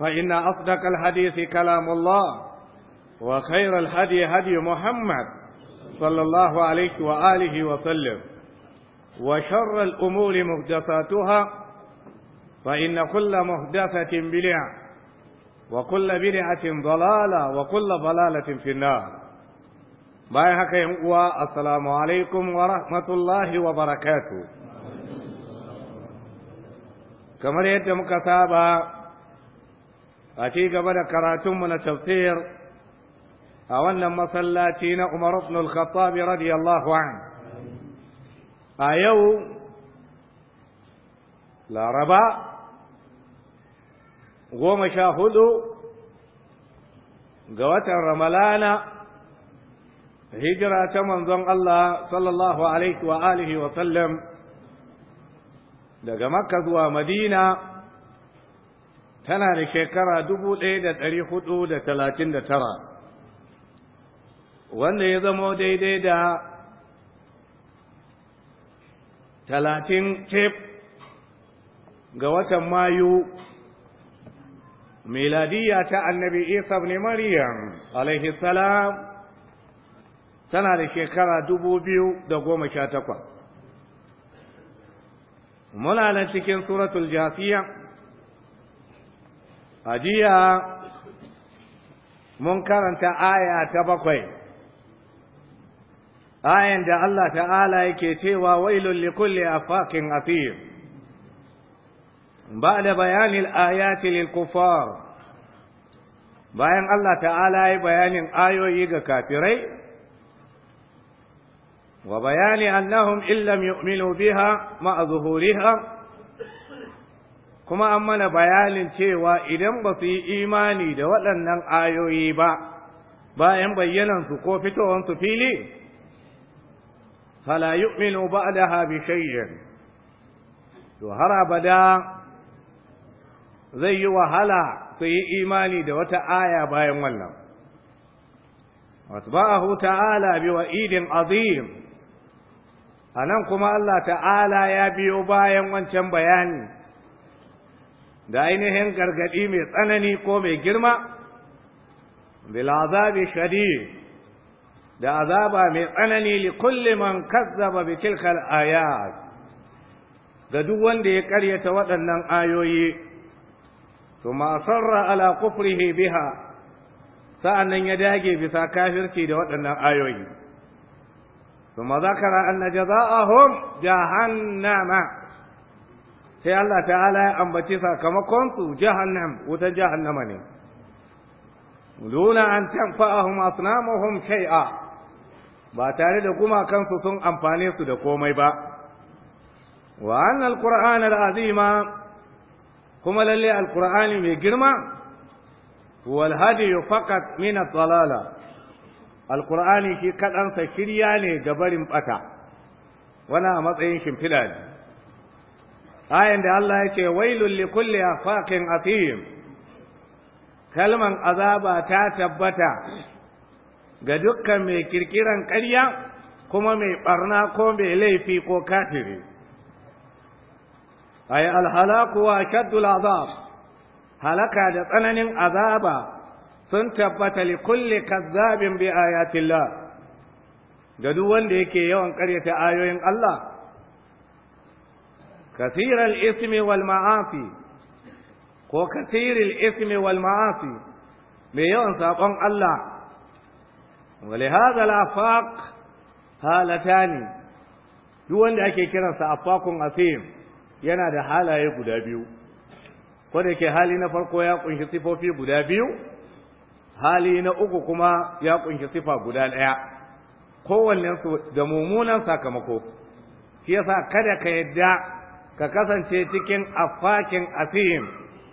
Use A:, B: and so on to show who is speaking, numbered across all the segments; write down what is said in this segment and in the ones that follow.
A: فإن أصدق الحديث كلام الله وخير الهدي هدي محمد صلى الله عليه وآله وسلم وشر الأمور مهدساتها فإن كل مهدسة بلع وكل بلعة ضلالة وكل ضلالة في النار باي حكا السلام عليكم ورحمة الله وبركاته كما يتمك سابا a ci gaba da karatunmu na tafsir a wannan masallaci na Umar ibn al-Khattab radiyallahu an a yau Laraba goma sha hudu ga watan Ramalana hijira ta manzon Allah sallallahu alaihi wa wa sallam daga Makka zuwa Madina tana da shekara dubu ɗaya da ɗari hudu da talatin da tara wanda ya zama daidai da talatin cef ga watan mayu miladiyya ta annabi isa ne maryam alaihi salam tana da shekara dubu biyu da goma sha takwas muna nan cikin suratul jasiya hadiya mun karanta aya ta bakwai ayan da Allah ta'ala yake cewa wailul likulli afakin athir ba'da bayanil ayati lil kuffar bayan Allah ta'ala yi bayanin ayoyi ga kafirai wa bayani annahum illam yu'minu biha ma'a zuhuriha kuma an mana bayanin cewa idan ba su yi imani da waɗannan ayoyi ba bayan bayyanansu ko fitowansu fili fala yu'minu ba'daha bi shay'in to har abada zai yi wahala su yi imani da wata aya bayan wannan watba'ahu ta'ala bi wa'idin azim anan kuma Allah ta'ala ya biyo bayan wancan bayani da ainihin gargadi mai tsanani ko mai girma bil azabi shadid da azaba mai tsanani li kulli man kazzaba bi tilka ayat ga duk wanda ya karyata waɗannan ayoyi thumma sarra ala kufrihi biha sa'annan ya dage bisa kafirci da waɗannan ayoyi thumma zakara anna jazaa'ahum jahannama sai Allah ta'ala ya ambace sakamakonsu su jahannam wutar jahannama ne duna an masu asnamuhum kai'a. ba tare da gumakansu sun amfane su da komai ba wa annal qur'ana al'azima kuma lalle alqur'ani mai girma wal hadi faqat mina tsalala. dalala shi kaɗansa kirya ne ga barin bata wana a matsayin shimfiɗa ne ayan da Allah yace, wai wailul li kulli afakin athim kalman azaba ta tabbata ga dukkan mai kirkiran ƙarya kuma mai barna ko mai laifi ko kafiri ay alhalaku wa shaddul azab halaka da tsananin azaba sun tabbata li kulli kazzabin bi ayatillah ga duk wanda yake yawan ƙaryata ayoyin Allah kasiral ismi ma'asi ko kasiril ismi wal ma'asi mai yawan saƙon Allah wale haza lafaq halatani duk wanda ake kiransa afakun asim yana da halaye guda biyu ko da ke hali na farko ya kunshi sifofi guda biyu hali na uku kuma ya kunshi sifa guda ɗaya kowannen su da mummunan sakamako shi yasa kada ka yarda. ka kasance cikin affakin afim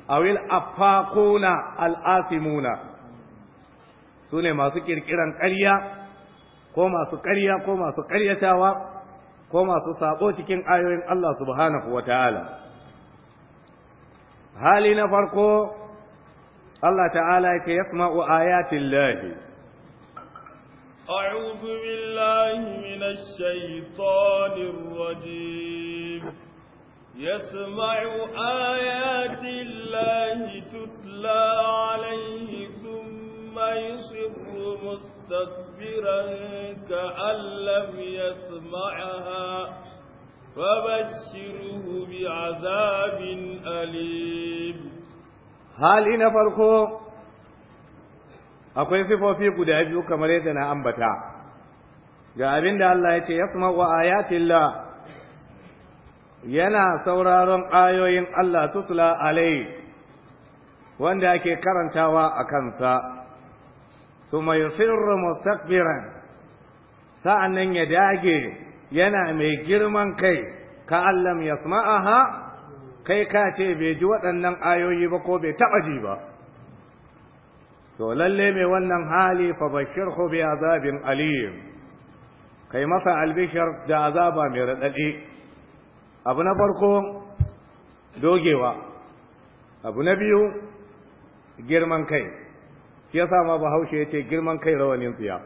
A: awil affakuna al'asimuna su ne masu kirkiran ƙarya ko masu ƙarya ko masu ƙaryatawa ko masu sabo cikin ayoyin Allah subhanahu wa ta'ala hali na farko Allah ta'ala Ya ce yake yasma'u ayatin lahi
B: أعوذ بالله من الشيطان الرجيم يسمع آيات الله تتلى عليه ثم يصر مستكبرا كأن لم يسمعها فبشره بعذاب
A: أليم هل إن فرقه akwai sifofi guda biyu kamar yadda na ambata ga abin da Allah ya ce yasma'u ayatillah yana sauraron ayoyin Allah tutla alai wanda ake karantawa a kansa suma yusirru mustakbiran sa'annan ya dage yana mai girman kai ka allam yasma'aha kai ka ce bai ji waɗannan ayoyi ba ko bai taɓa ji ba to lalle mai wannan hali fa ku bi azabin Aliyu. kai masa albishar da azaba mai raɗaɗi abu na farko dogewa abu na biyu girman kai shi yasa ma bahaushe ya ce girman kai rawanin tsiya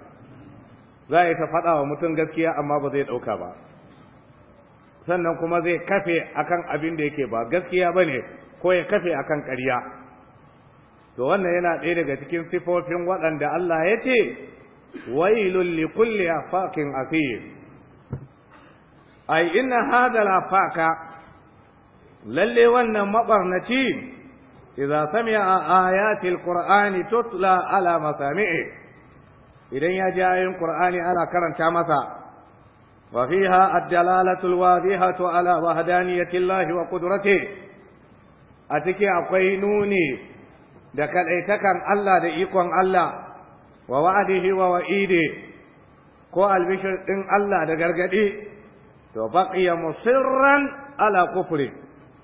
A: za a yi ta faɗa wa mutum gaskiya amma ba zai ɗauka ba sannan kuma zai kafe akan abin da yake ba gaskiya ba ne ko ya kafe akan ƙarya to wannan yana ɗaya daga cikin sifofin waɗanda Allah ya ce lulli kulle a fakin asir ai inna hadala faka lalle wannan mabarnaci idza sami'a ayatil qur'ani tutla ala masami'i idan ya ji ayoyin qur'ani ana karanta masa wa fiha ad-dalalatu al-wadihatu ala wahdaniyati llahi wa qudratihi a take akwai nuni da kadaitakan Allah da ikon Allah wa wa'adihi wa wa'ide ko albishir ɗin Allah da gargadi. to baqiya musirran ala kufri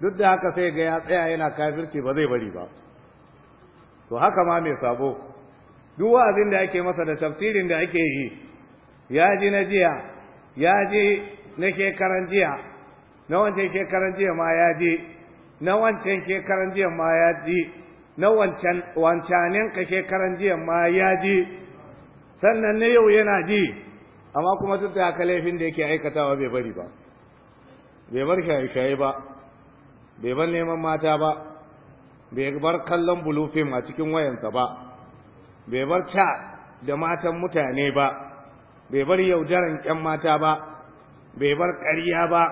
A: duk da haka sai ga ya tsaya yana kafirci ba zai bari ba to haka ma mai sabo duk wa'azin da ake masa da tafsirin da ake yi ya ji na jiya ya ji na shekaran jiya na wancan shekaran jiya ma ya ji na wancan shekaran jiya ma ya ji na wancan wancanin ka shekaran jiya ma ya ji sannan na yau yana ji amma kuma duk da haka laifin da yake aikatawa bai bari ba bai bar shaye-shaye ba bai bar neman mata ba bai bar kallon bulufin a cikin wayansa ba bai bar ca da matan mutane ba bai bar yaudaran ƙyan mata ba bai bar ƙarya ba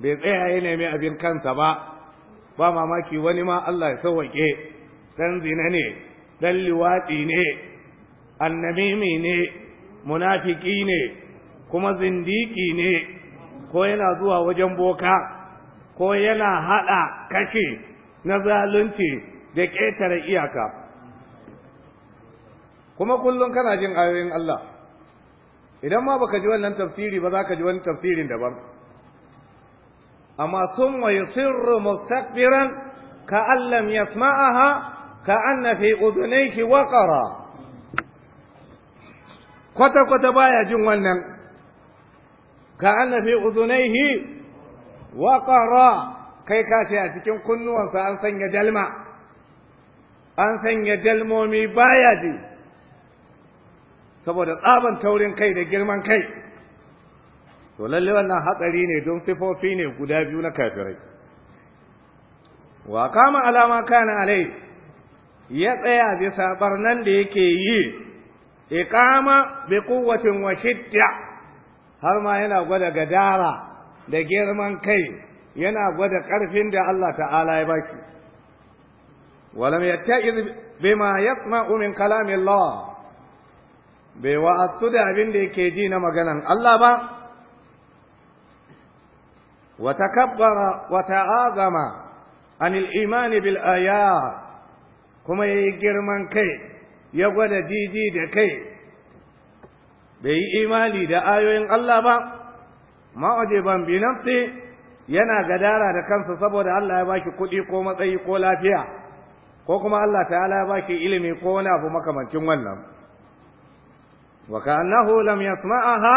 A: bai tsaya ya abin kansa ba ba mamaki wani ma Allah ya sauwaƙe ɗan zina ne ɗan liwaɗi ne annamimi ne munafiki ne kuma zindiki ne ko yana zuwa wajen boka ko yana haɗa kashe na zalunci da ƙetare iyaka kuma kullum kana jin ayoyin Allah idan ma baka ji wannan tafsiri ba za ka ji wani tafsirin daban amma sun wa yusirru mustakbiran ka allam yasma'aha ka anna fi udunayhi waqara kwata kwata baya jin wannan ka annabi udunaihi wa qara kai ka ce a cikin kunnuwansa an sanya dalma an sanya dalmomi baya ji saboda tsaban taurin kai da girman kai to lalle wannan hatsari ne don sifofi ne guda biyu na kafirai wa kama alama kana alai ya tsaya bisa barnan da yake yi iqama bi quwwatin wa shidda har ma yana gwada gadara da girman kai yana gwada ƙarfin da Allah ta'ala ya baki walam yatta'iz bima yasma'u min kalami Allah bai wa'asu da abin da yake ji na maganan Allah ba ta'azama anil imani bil ayat kuma yayi girman kai. ya gwada jiji da kai bai yi imani da ayoyin Allah ba ban bi nafsi yana gadara da kansa saboda Allah ya baki kuɗi ko matsayi ko lafiya ko kuma Allah ta'ala ya baki ilimi ko wani abu makamancin wannan wa ka'annahu lam yasma'aha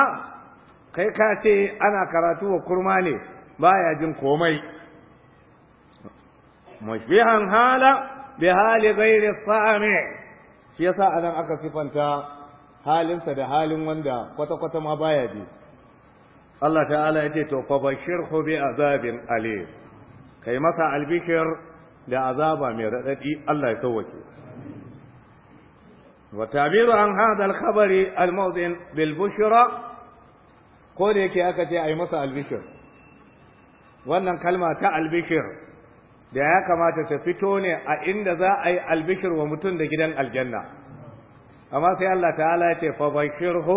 A: kai ka ce ana karatu wa kurma ne baya jin komai mushbihan hala bi hali ghairi sami' shi yasa nan aka sifanta halinsa da halin wanda kwata-kwata ma baya ji Allah ta'ala ya ce to fa bashirhu bi azabin alim kai masa albishir da azaba mai radadi Allah ya sauke wa tabiru an hada al-khabari al-mawdhin bil bushra ko da yake aka ce ai masa albishir wannan kalma ta albishir da ya kamata ta fito ne a inda za a yi albishir wa mutum da gidan aljanna amma sai Allah ta'ala ce fabashirhu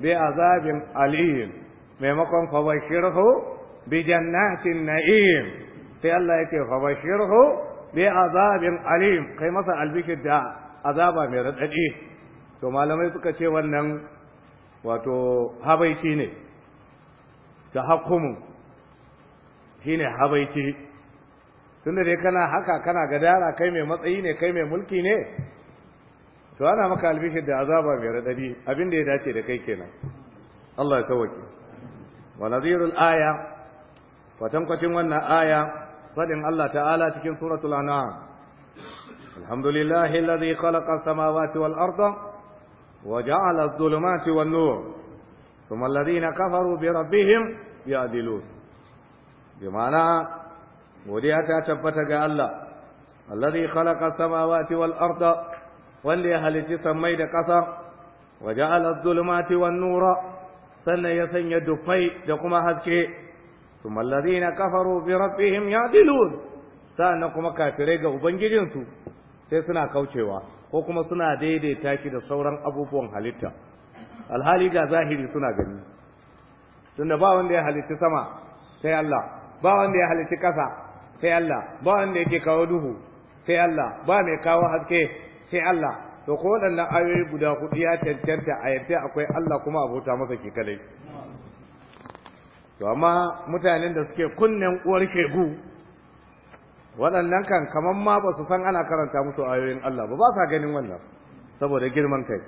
A: bi azabin alim maimakon fabashirhu bi jannatin na'im sai Allah ya ce fabashirhu bi azabin alim kai masa albishir da azaba mai raɗaɗi. to malamai suka ce wannan wato habaici ne ta hakumu shine habaici tunda dai kana haka kana gadara kai mai matsayi ne kai mai mulki ne to ana maka albishir da azaba mai radadi abin da ya dace da kai kenan Allah ya tawaki wa nadhirul aya fatankwacin wannan aya fadin Allah ta'ala cikin suratul an'am alhamdulillahi alladhi khalaqa as-samawati wal arda وجعل الظلمات والنور ثم الذين كفروا بربهم يعدلون بمعنى godiya ta tabbata ga Allah allazi khalaqa samawati wal arda wanda ya halitti samai da ƙasa wa ja'ala adh-dhulumati wan nura sannan ya sanya dufai da kuma haske kuma allazina kafaru bi rabbihim ya'dilun sanna kuma kafirai ga ubangijinsu sai suna kaucewa ko kuma suna daidaita ki da sauran abubuwan halitta alhali ga zahiri suna gani tunda ba wanda ya halitti sama sai Allah ba wanda ya halitti kasa sai Allah ba wanda yake kawo duhu sai Allah ba mai kawo haske sai Allah to ko waɗannan ayoyi guda hudu ya cancanta a yadda akwai Allah kuma abota masa ke kalai to amma mutanen da suke kunnen uwar shegu waɗannan kan kaman ma ba su san ana karanta musu ayoyin Allah ba ba sa ganin wannan saboda girman kai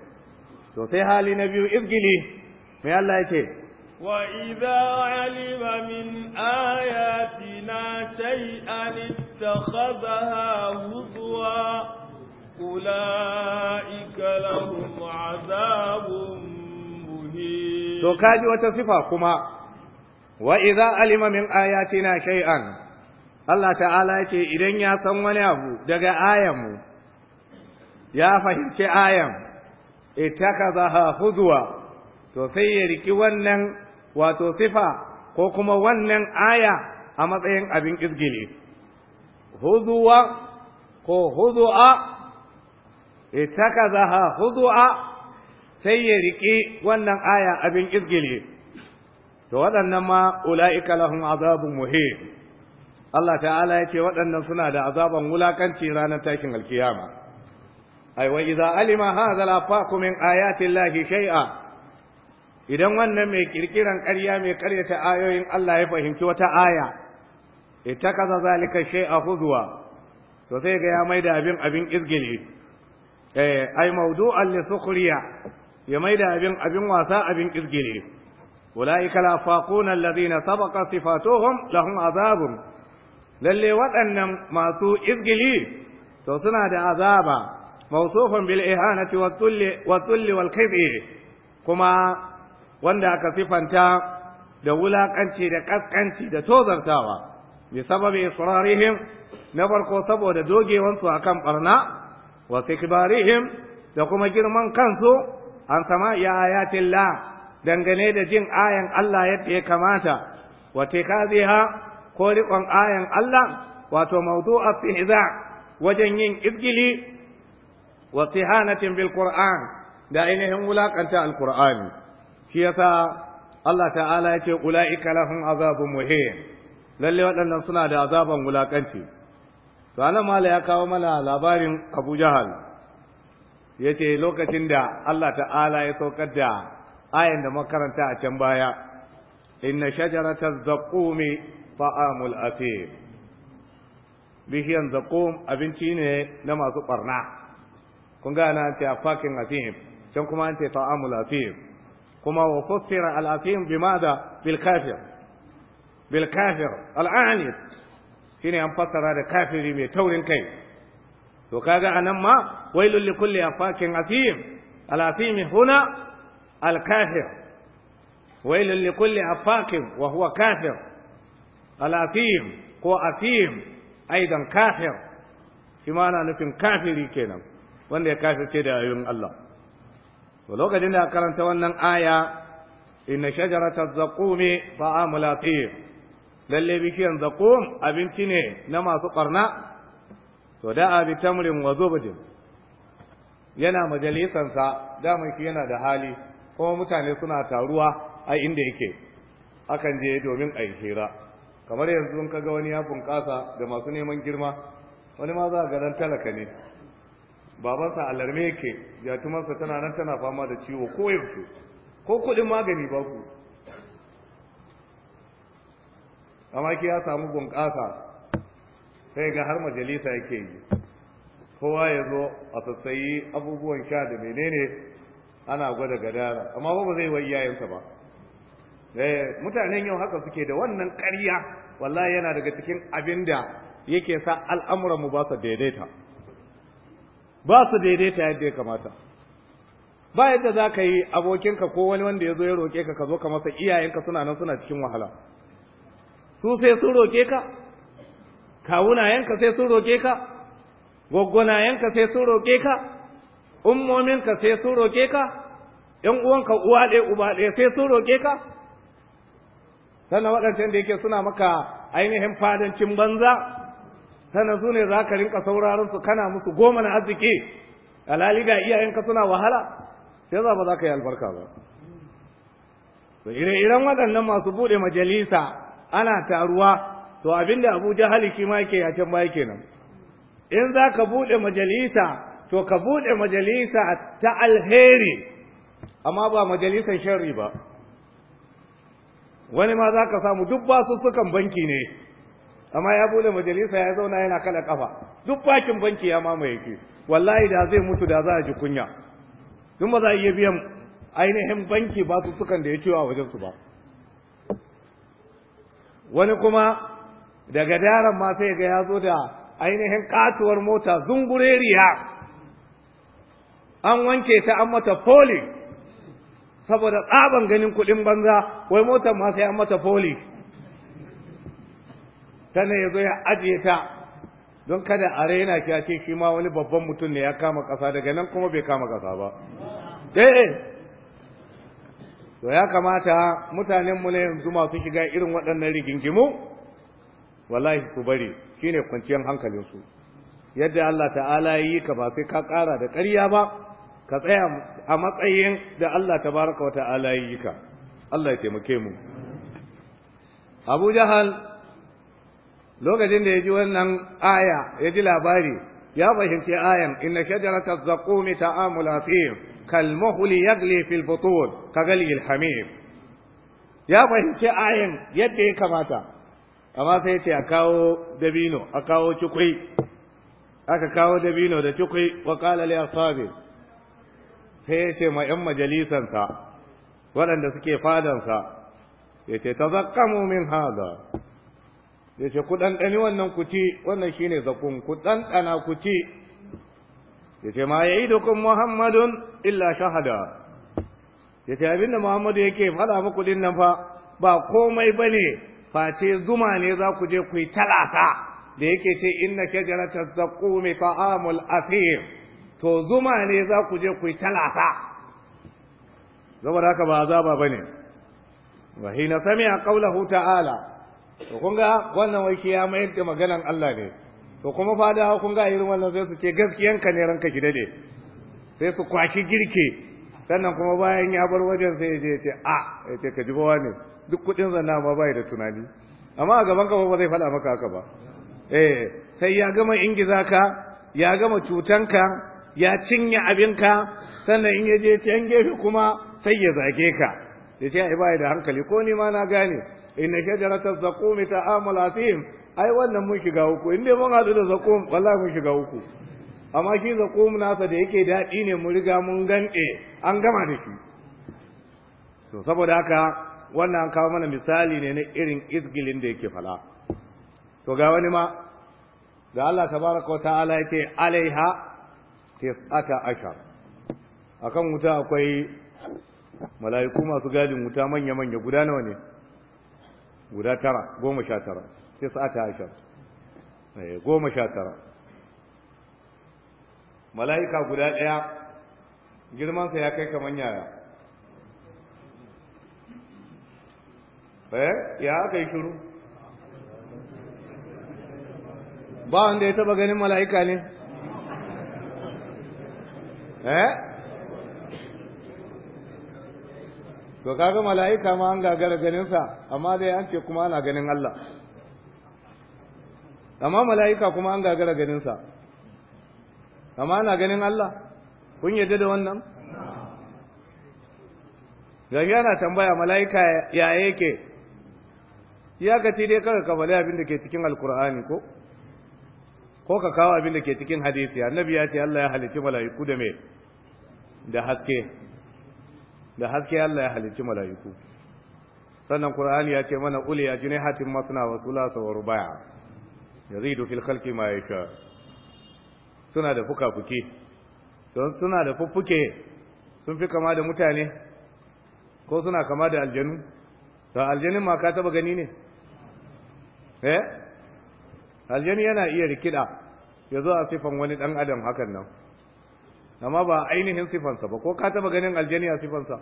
A: to sai hali na biyu izgili mai Allah yake
B: وإذا علم من آياتنا شيئا اتخذها هزوا أولئك لهم عذاب
A: مهين تو كاجي وتصفة كما وإذا علم من آياتنا شيئا Allah ta'ala ce idan ya san wani abu daga ayanmu ya fahimci ayan ita ka zaha huzuwa to sai ya riki wannan wato sifa ko kuma wannan aya a matsayin abin izgili huzuwa ko huzu'a itakazaha huzu'a sai ya riƙe wannan aya abin izgili to waɗannan ma ula'ika lahum azabun muhim Allah ta'ala ya ce waɗannan suna da azaban wulakanci ranar takin alkiyama ai wa alima hadha la aya min ayati llahi shay'a idan wannan mai kirkiran ƙarya mai ƙaryata ayoyin Allah ya fahimci wata aya ita kaza zalika a huzuwa to sai ga ya maida abin abin izgili eh ai mawdu'an li sukhriya ya maida abin abin wasa abin izgili ulaika la faquna alladhina sabaqa sifatuhum lahum azabun lalle waɗannan masu izgili to suna da azaba mawsufan bil ihanati wa tulli wa tulli wal kuma wanda aka sifanta da wulakanci da kaskanci da tozartawa bi sababi israrihim na farko saboda dogewansu akan barna wa sikbarihim da kuma girman kansu an sama ya ayatillah dangane da jin ayan Allah yadda ya kamata wa tikaziha ko riƙon ayan Allah wato mawdu'a istihza wajen yin izgili wa sihanatin bil qur'an da ainihin wulakanta al qur'ani shi yasa Allah ta'ala ya ce ula'ika lahum azabun muhin lalle waɗannan suna da azaban wulakanci to anan mala ya kawo mana labarin Abu Jahal yace lokacin da Allah ta'ala ya saukar da ayan da makaranta a can baya inna shajarata zaqumi ta'amul athim bishiyan zaqum abinci ne na masu barna kun ga ana ce afakin athim can kuma an ce ta'amul athim كما وفسر الأثيم بماذا بالكافر بالكافر العانيد شنو ينفسر هذا كافر بتور كي وكذا أنما ويل لكل أفاك أثيم الأثيم هنا الكافر ويل لكل أفاك وهو كافر الأثيم هو أثيم أيضا كافر بمعنى أنه كافر كينا وانا كافر كده أيون الله to lokacin da karanta wannan aya inna shajarata zaqumi ta'amul atir lalle bishiyan zaqum abinci ne na masu ƙarna to da abi tamrin wa zubdin yana majalisansa dama ki yana da hali kuma mutane suna taruwa a inda yake akan je domin a yi hira kamar yanzu ka kaga wani ya bunƙasa da masu neman girma wani ma za a ga dan talaka ne babansa alarme yake jatumarsa tana nan tana fama da ciwo ko yaushe ko kuɗin magani ba ku amma ki ya samu bunƙasa sai ga har majalisa yake yi kowa ya zo a sassayi abubuwan sha da menene ana gwada gadara amma ba zai wa iyayensa ba eh, mutanen yau haka suke da wannan ƙarya wallahi yana daga cikin abinda da yake sa al'amuranmu ba su daidaita ba su daidaita yadda ya kamata ba yadda za ka yi abokinka ko wani wanda ya zo ya roƙe ka ka zo ka masa iyayenka suna nan suna cikin wahala su sai sun roƙe ka kawunayenka sai sun roƙe ka gwaggwanayenka sai sun roƙe ka ummominka sai sun roƙe ka ‘yan uwanka uwa ɗaya uba ɗaya sai sun roƙe ka sannan waɗancan da yake suna maka ainihin fadancin banza sannan su ne za ka rinka sauraron su kana musu goma na arziki alali ga iyayenka suna wahala sai za ba za ka yi albarka ba to ire-iren waɗannan masu buɗe majalisa ana taruwa to abinda abu jahali shi ma yake a can baya kenan in za ka buɗe majalisa to ka buɗe majalisa ta alheri amma ba majalisar sharri ba wani ma za ka samu duk basu sukan banki ne amma ya bude majalisa ya zauna yana kala kafa duk bakin banki ya mamaye ki wallahi da zai mutu da za a ji kunya duk ba za a iya biyan ainihin banki ba su sukan da ya ciwa wajen su ba wani kuma daga daren ma sai ga ya zo da ainihin katuwar mota zungureriya an wanke ta an mata foli saboda tsaban ganin kuɗin banza wai motar ma sai an mata foli sannan ya zo ya ajiye ta don kada a raina ki a ce shi ma wani babban mutum ne ya kama ƙasa daga nan kuma bai kama ƙasa ba eh to ya kamata mutanen mu ne yanzu masu shiga irin waɗannan rigingimu wallahi su bari shine kwanciyar hankalin su yadda Allah ta'ala Ya yi ka ba sai ka ƙara da ƙarya ba ka tsaya a matsayin da Allah baraka wa ta'ala yi ka Allah ya taimake mu Abu Jahal lokacin da ya ji wannan aya ya ji labari ya fahimci ayan inna shajarata zaqumi ta'amul athim kal muhli yagli fil butun ka gali al hamim ya fahimci ayan yadda ya kamata amma sai ce a kawo dabino a kawo cikwai. aka kawo dabino da cikwai wa qala li ashabi sai ya ce ma yan sa, waɗanda suke fadansa ya ce tazakkamu min hada zai ce ku ɗanɗani wannan ku ci wannan ne zakun ku ɗanɗana ku ci ya ce ma ya da kun muhammadun illa shahada ya ce abinda muhammadu yake faɗa muku ɗin nan fa ba komai ba ne face zuma ne za ku je ku yi talaka da yake ce inna shajarata mai ta'amul asir to zuma ne za ku je ku yi talaka saboda haka ba azaba bane wa hina sami'a qawlahu ta'ala to kun ga wannan wai ya mayar da maganan Allah ne to kuma fada kun ga irin wannan sai su ce gaskiyanka ne ranka ki dade sai su kwaki girke sannan kuma bayan ya bar wajen sai ya je ya ce a ya ka ji bawa ne duk kudin zanna ba bai da tunani amma a gaban ka ba zai faɗa maka haka ba eh sai ya gama ingiza ka ya gama cutanka ya cinye abinka sannan in ya je can gefe kuma sai ya zage ka ya ce ai bai da hankali ko ni ma na gane inna shajarata ta amala tim ai wannan mun shiga uku in mun hadu da zaqum wallahi mun shiga uku amma shi zaqum nasa da yake daɗi ne mu riga mun gande an gama da shi to saboda haka wannan an kawo mana misali ne na irin izgilin da yake fala to ga wani ma da Allah tabaraka wa ta'ala yake alaiha tis'ata ashar akan wuta akwai mala'iku masu gadin wuta manya-manya guda nawa ne guda tara goma sha tara sai ta ashar eh, goma sha tara mala'ika guda ɗaya girmansa ya kai kamar yaya eh, ya aka yi shuru ba wanda ya taba ganin mala'ika ne eh to kaga mala'ika ma an gagara ganinsa amma dai an ce kuma ana ganin Allah amma mala'ika kuma an gagara ganinsa amma ana ganin Allah kun yadda da wannan gari na tambaya mala'ika ya yake ya iyakaci dai kaga ka abin da ke cikin alkur'ani ko ko ka kawo abin da ke cikin hadisi annabi ya ce Allah ya halicci mala'iku da me da haske da haske Allah ya halicci mala'iku sannan qur'ani ya ce mana uli hatim masna wa thulatha wa ruba' yazidu fil khalqi ma yasha suna da fuka fuke don suna da fuffuke sun fi kama da mutane ko suna kama da aljanu to aljanin ma ka taba gani ne eh aljani yana iya rikida ya zo a sifan wani dan adam hakan nan amma ba ainihin sifansa ba ko ka taba ganin Aljaniya sifansa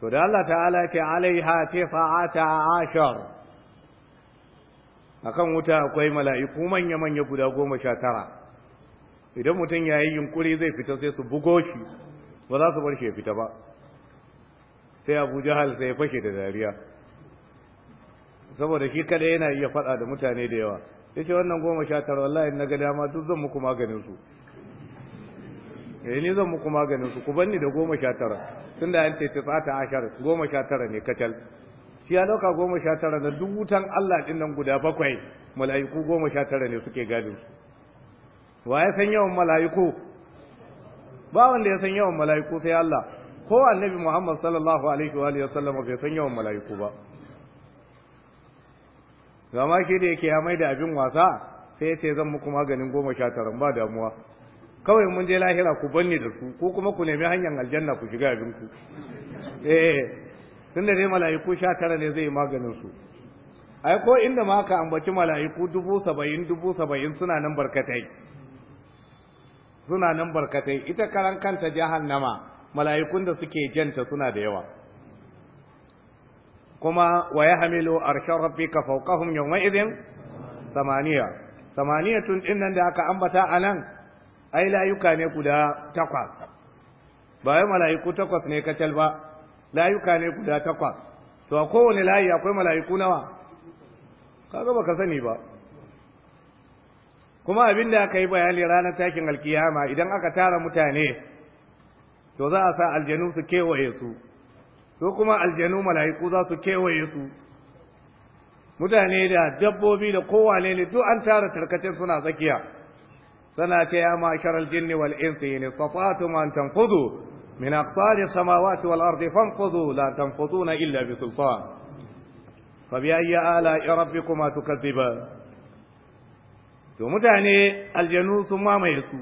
A: to da Allah ta'ala ce alaiha tifa'ata ashar akan wuta akwai mala'iku manya manya guda goma sha tara idan mutum ya yi yunkuri zai fita sai su bugo shi ba za su bar shi ya fita ba sai abu jahal sai ya fashe da dariya saboda shi kada yana iya faɗa da mutane da yawa ya ce wannan goma sha tara wallahi na ga dama duk zan muku maganin su eh, ni zan muku maganin su ku banni da goma sha tara tun da yanta ta tsata ashar goma sha tara ne kacal shi ya dauka goma sha tara na duk wutan Allah din nan guda bakwai mala'iku goma sha tara ne suke gadin su wa ya san yawan mala'iku ba wanda ya san yawan mala'iku sai Allah ko annabi Muhammad sallallahu alaihi wa sallam bai san yawan mala'iku ba zama shi da yake ya mai da abin wasa sai ya ce zan muku maganin goma sha tara ba damuwa kawai mun je lahira ku banni da su ko kuma ku nemi hanyar aljanna ku shiga abin ku eh tunda dai mala'iku sha tara ne zai maganin su ai ko inda ma ka ambaci mala'iku dubu saba'in dubu saba'in suna nan barkatai suna nan barkatai ita karan kanta jahannama mala'ikun da suke janta suna da yawa kuma wa yahmilu ka rabbika fawqahum yawma izin? samaniya Samaniya din nan da aka ambata anan ai layuka ne guda takwas ba yi malayiku takwas ne kacal ba layuka ne guda takwas to a kowane layi akwai malayiku nawa kaga ka sani ba kuma abin da aka yi bayani ranar takin alkiyama idan aka tara mutane to za a sa aljanu su kewaye su su kuma aljanu mala'iku za su kewaye su mutane da dabbobi da kowane ne duk an tara tarkacin suna tsakiya sana ce ya mashar aljinni wal insi ne tsafatum man tanfudu min aqtar samawati wal ardi fanfudu la tanfuduna illa bi sultan fa bi ayyi ala rabbikuma tukadziban to mutane aljanu sun mamaye su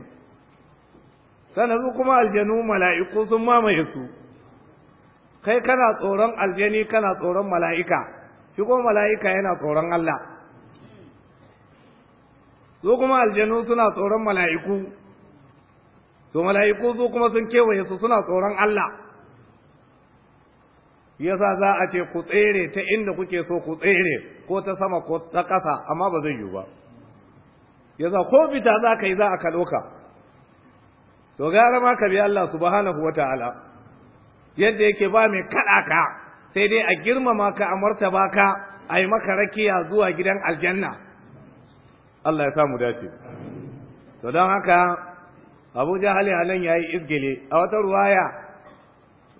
A: sannan kuma aljanu mala'iku sun mamaye su kai kana tsoron aljani kana tsoron mala'ika shi ko mala'ika yana tsoron Allah Zo kuma aljanu suna tsoron mala'iku to mala'iku zo kuma sun kewaye su suna tsoron Allah yasa za a ce ku tsere ta inda kuke so ku tsere ko ta sama ko ta ƙasa amma ba zai yiwu ba yasa ko fita za ka yi za a kaɗo ka to gara ma ka bi Allah subhanahu wa ta'ala yadda yake ba mai kaɗa ka sai dai a girmama ka a martaba ka a yi maka rakiya zuwa gidan aljanna Allah ya samu dace to don haka Abu Jahal ya yi izgile a wata ruwaya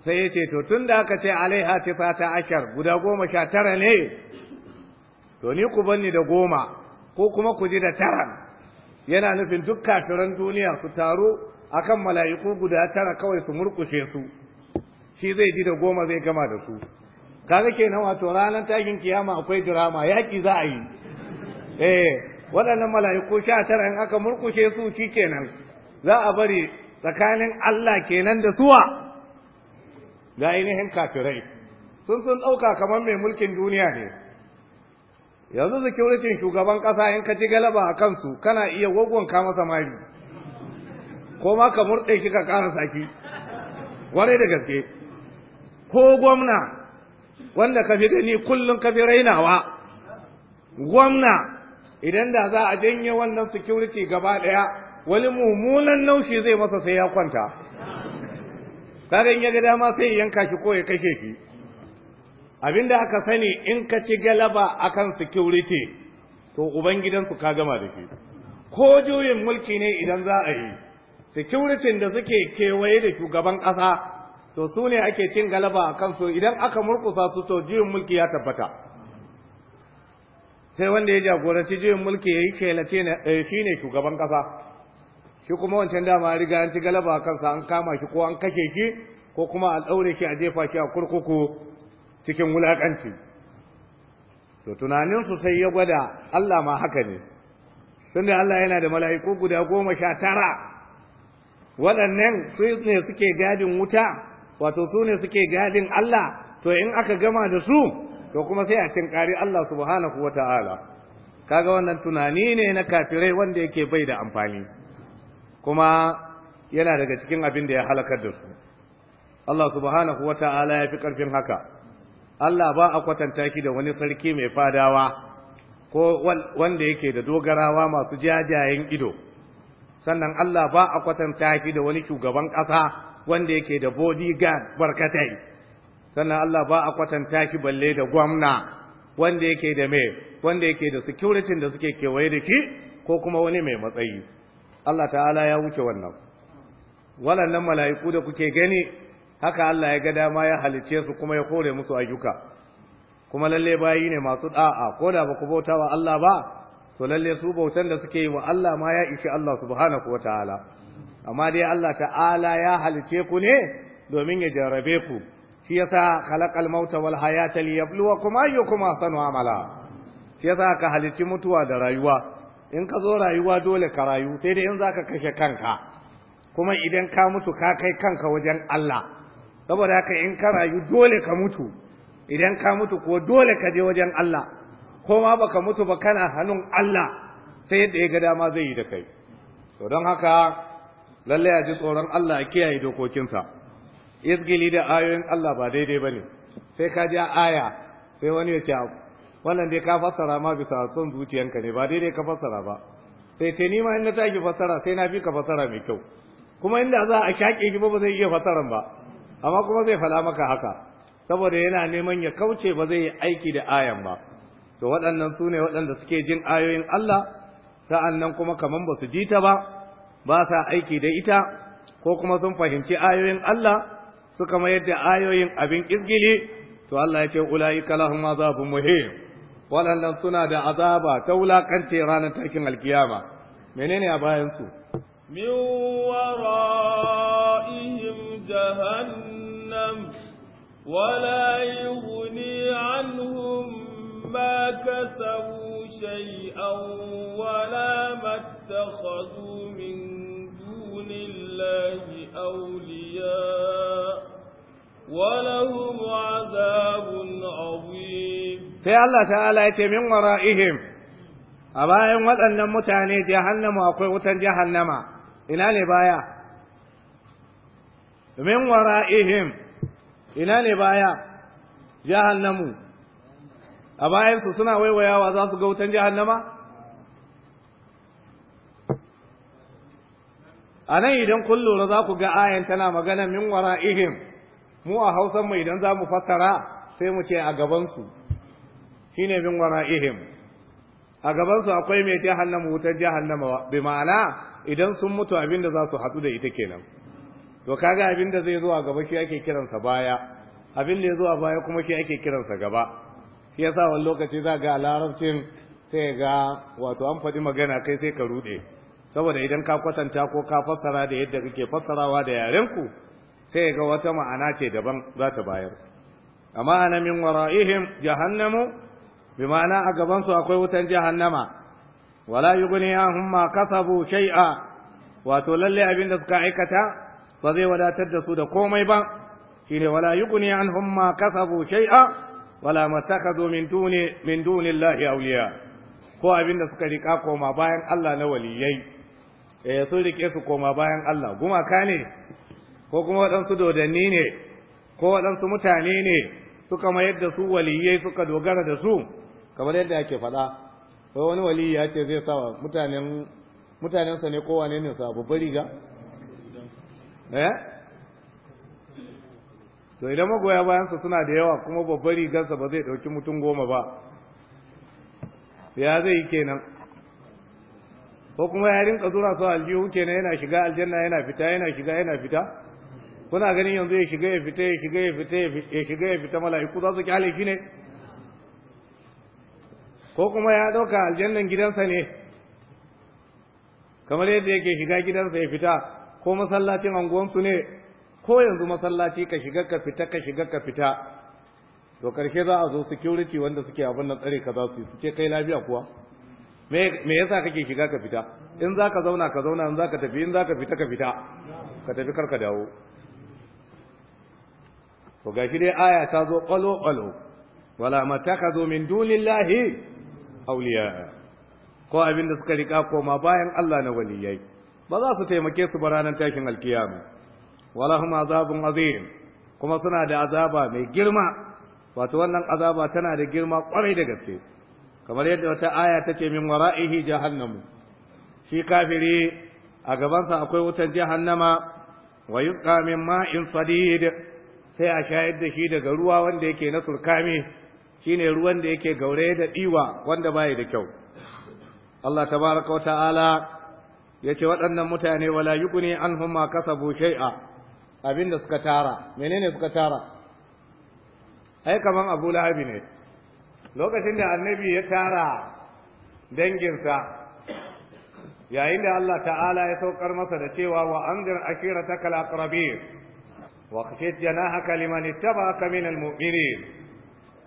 A: sai ya ce to da aka ce alaiha fata ashar guda goma sha tara ne to ni ku banni da goma ko kuma ku ji da tara yana nufin duk kafiran duniya su taru akan mala'iku guda tara kawai su murkushe su shi zai ji da goma zai gama da su kaga kenan wato ranar takin kiyama akwai dirama yaki za a yi eh waɗannan mala'iku sha tara in aka murkushe su kenan za a bari tsakanin Allah kenan da suwa ga ainihin kafirai sun sun ɗauka kamar mai mulkin duniya ne yanzu zikiritin shugaban ƙasa in ka ji galaba a kansu kana iya ka masa mari ko ma ka murɗe shi ka ƙara saki kwarai da gaske ko gwamna wanda ka fi gani kullum ka fi rainawa gwamna idan da za a janye wannan security gaba ɗaya wani mummunan naushi zai masa sai ya kwanta kaga ya ga dama sai yanka shi ko ya kashe shi abinda aka sani in ka ci galaba akan security to ubangidansu ka gama da shi ko juyin mulki ne idan za a yi security da suke kewaye da shugaban ƙasa to su ne ake cin galaba a kansu idan aka murkusa su to juyin mulki ya tabbata sai wanda ya jagoranci juyin mulki ya yi kelace eh, shi ne shugaban ƙasa shi kuma wancan dama riga ci galaba a kansa an kama shi ko an kashe shi ko kuma a ɗaure shi a jefa shi a kurkuku cikin wulaƙanci to tunaninsu sai ya gwada Allah ma haka ne tunda Allah yana da mala'iku guda goma sha tara waɗannan su ne suke gadin wuta wato su ne suke gadin Allah to in aka gama da su to kuma sai a tinkari Allah subhanahu wa ta'ala kaga wannan tunani ne na kafirai wanda yake bai da amfani kuma yana daga cikin abin da ya halakar da su Allah subhanahu wa ta'ala ya fi karfin haka Allah ba a kwatanta ki da wani sarki mai fadawa ko wanda yake da dogarawa masu jajayen ido sannan Allah ba a kwatanta ki da wani shugaban ƙasa wanda yake da bodyguard barkatai sannan Allah ba a kwatanta shi balle da gwamna wanda yake da me wanda yake da security da suke kewaye da ki ko kuma wani mai matsayi Allah ta'ala ya wuce wannan walannan mala'iku da kuke gani haka Allah ya ga dama ya halicce su kuma ya kore musu ayyuka kuma lalle bayi ne masu da'a ko da baku bauta wa Allah ba to lalle su bautan da suke yi wa Allah ma ya ishi Allah subhanahu wataala amma dai Allah ta'ala ya halice ku ne domin ya jarrabe ku shi yasa khalaqal mauta wal hayata liyabluwakum ayyukum ahsanu amala shi yasa ka halici mutuwa da rayuwa in ka zo rayuwa dole ka rayu sai dai in zaka kashe kanka kuma idan ka mutu ka kai kanka wajen Allah saboda haka in ka rayu dole ka mutu idan ka mutu ko dole ka je wajen Allah ko ma baka mutu ba kana hannun Allah sai yadda ya ga dama zai yi da kai to don haka Lallai ya ji tsoron Allah ya kiyaye dokokinsa izgili da ayoyin Allah ba daidai bane sai ka ji aya sai wani ya ce wannan dai ka fassara ma bisa son zuciyanka ne ba daidai ka fassara ba sai ce ni ma in na taki fassara sai na fi ka fassara mai kyau kuma inda za a shaƙe ki ba ba zai iya fassaran ba amma kuma zai fada maka haka saboda yana neman ya kauce ba zai yi aiki da ayan ba to waɗannan su ne waɗanda suke jin ayoyin Allah sa'an nan kuma kaman ba su ji ta ba ba sa aiki da ita ko kuma sun fahimci ayoyin Allah suka mayar da ayoyin abin izgili to Allah ya ce ulaika lahum azabun muhim waɗannan suna da azaba ta wulakance ranar takin alkiyama menene a bayan su min
B: wara'ihim jahannam ولا يغني عنهم ما كسبوا شيئا ولا ما اتخذوا الله أولياء ولهم عذاب عظيم
A: في الله تعالى من ورائهم أباهم وأن متاني جهنم وقوة جهنم إلى نبايا من ورائهم إلى نبايا جهنم أباهم سسنا ويويا وذا جهنم جهنم a nan idan kun lura za ku ga ayan tana magana min wara mu a hausan mu idan za mu fassara sai mu ce a gabansu shine min wara ihim a gabansu akwai mai jahannama wutar jahannama bi ma'ana idan sun mutu abin da za su haɗu da ita kenan to kaga abin da zai zo a gaba shi ake kiransa baya abin da ya zo a baya kuma shi ake kiransa gaba shi yasa wani lokaci za ga a larabcin sai ga wato an faɗi magana kai sai ka ruɗe saboda idan ka kwatanta ko ka fassara da yadda kake fassarawa da yarenku sai ga wata ma'ana ce daban za ta bayar amma ana min wara'ihim jahannamu bi ma'ana a gaban su akwai wutan jahannama wala yughni anhum ma kasabu shay'a wato lalle abin da suka aikata ba zai wadatar da su da komai ba shine wala yughni anhum ma kasabu shay'a wala mattakhadhu min duni min dunillahi awliya ko abin da suka rika koma bayan Allah na waliyai eh sun rike su koma bayan Allah gumaka ne ko kuma waɗansu dodanni ne ko waɗansu mutane ne suka mayar da su waliyai suka dogara da su kamar yadda ake faɗa ko wani waliyi ya ce zai sawa mutanen mutanensa ne kowane ne sa babbar riga eh to idan magoya bayansa suna da yawa kuma babbar rigarsa ba zai ɗauki mutum goma ba ya zai yi kenan ko kuma ya rinka zura su aljihu kenan yana shiga aljanna yana fita yana shiga yana fita kuna ganin yanzu ya shiga ya fita ya shiga ya fita ya shiga ya fita mala'iku za su kyale shi ne ko kuma ya dauka aljannan gidansa ne kamar yadda yake shiga gidansa ya fita ko masallacin anguwansu ne ko yanzu masallaci ka shiga ka fita ka shiga ka fita to karshe za a zo security wanda suke abin nan tsare ka za su yi su ce kai lafiya kuwa me yasa kake shiga ka fita in za ka zauna ka zauna in za ka tafi in za ka fita ka fita ka tafi kar ka dawo to shi dai aya ta zo ƙwalo ƙwalo wala matakazu min dunillahi awliya ko abin da suka rika koma bayan Allah na waliyai ba za su taimake su ba ranar tashin alkiyama wala hum azabun azim kuma suna da azaba mai girma wato wannan azaba tana da girma kwarai da gaske kamar yadda wata aya ta ce min wara'ihi jahannamu shi kafiri a gabansa akwai wutan jahannama wa yusqa min ma'in sadid sai a shayar da shi daga ruwa wanda yake na surkami shine ruwan da yake gaure da diwa wanda bai da kyau Allah tabaraka wa ta'ala yace waɗannan mutane wala yuqni anhum ma kasabu shay'a abinda suka tara menene suka tara ai kaman Abu Lahab ne lokacin da annabi ya tara danginsa yayin da Allah ta'ala ya saukar masa da cewa wa anzir akirataka alaqrabin wa khfid janahaka liman ittaba'aka min almu'minin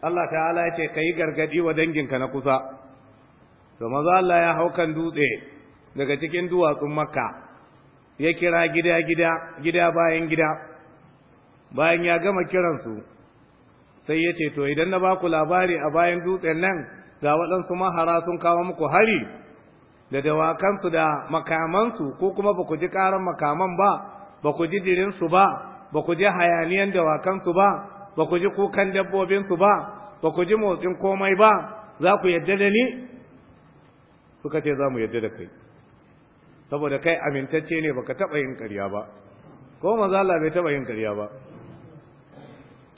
A: Allah ta'ala ya ce kai gargadi wa danginka na kusa to maza Allah ya haukan dutse daga cikin duwatsun Makka ya kira gida gida gida bayan gida bayan ya gama kiransu sai ya ce to idan na baku labari a bayan dutsen nan ga waɗansu mahara sun kawo muku hari da dawakansu da makamansu ko kuma ba ku ji ƙarar makaman ba ba ku ji dirinsu ba ba ku ji hayaniyan dawakansu ba ba ku ji kukan dabbobinsu ba ba ku ji motsin komai ba za ku yadda da ni suka ce za mu yadda da kai saboda kai amintacce ne baka taɓa yin ƙarya ba ko manzo Allah bai taɓa yin ƙarya ba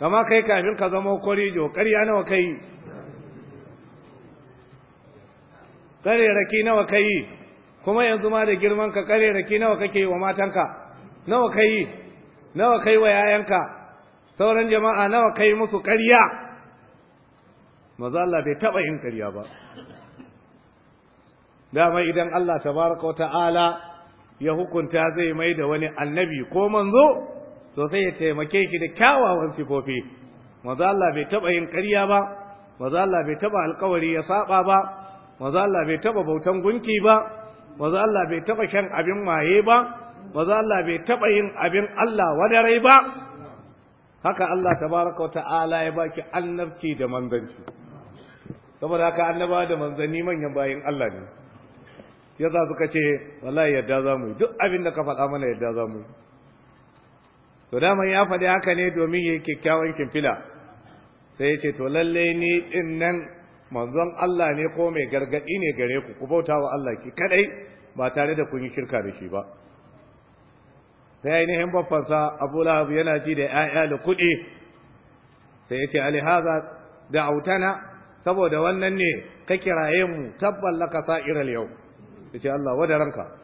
A: kama kai kafin ka zama kwarijo ƙarya nawa ka yi raki nawa ka yi kuma yanzu ma da girman ka raki nawa kake wa matanka nawa ka yi nawa ka wa yayanka sauran jama'a nawa ka musu ƙarya maza Allah bai taɓa yin ƙarya ba dama idan Allah tabaraka wa ta'ala ya hukunta zai mai da wani annabi ko manzo to sai ya taimake ki da kyawawan sifofi maza Allah bai taba yin ƙarya ba maza Allah bai taba alƙawari ya saba ba maza Allah bai taba bautan gunki ba maza Allah bai taba shan abin maye ba maza Allah bai taba yin abin Allah wadarai ba haka Allah tabaraka Ta'ala ya baki annabci da manzanci saboda haka annaba da manzanni manyan bayin Allah ne za suka ce wallahi yadda za mu yi duk abin da ka faɗa mana yadda za mu yi to dama ya faɗi haka ne domin ya yi kyakkyawan kimfila sai ya ce to lalle ni ɗin nan manzon Allah ne ko mai gargaɗi ne gare ku ku bauta wa Allah ki kaɗai ba tare da kun yi shirka da shi ba sai ainihin babbansa abu lahab yana ji da ‘ya'ya da kuɗi sai ya ce alihaza da autana saboda wannan ne ka kiraye mu tabbal laka sa'iral yau ya ce Allah wadaranka ranka